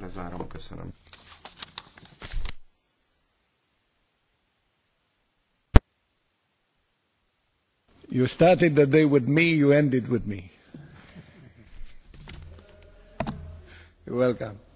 lezárom, köszönöm. You started the day with me, you ended with me. You're welcome.